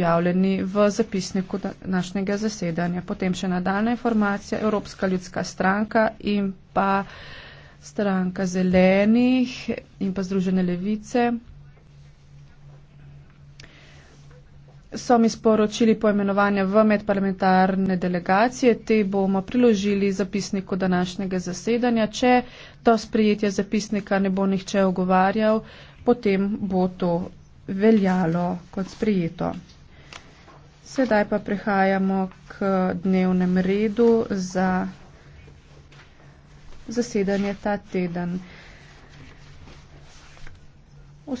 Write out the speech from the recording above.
objavljeni v zapisniku današnjega zasedanja. Potem še nadaljna informacija, Evropska ljudska stranka in pa stranka zelenih in pa Združene levice. So mi sporočili poimenovanje v medparlamentarne delegacije, te bomo priložili zapisniku današnjega zasedanja. Če to sprejetje zapisnika ne bo nihče ogovarjal, potem bo to veljalo kot sprejeto. Sedaj pa prehajamo k dnevnem redu za zasedanje ta teden.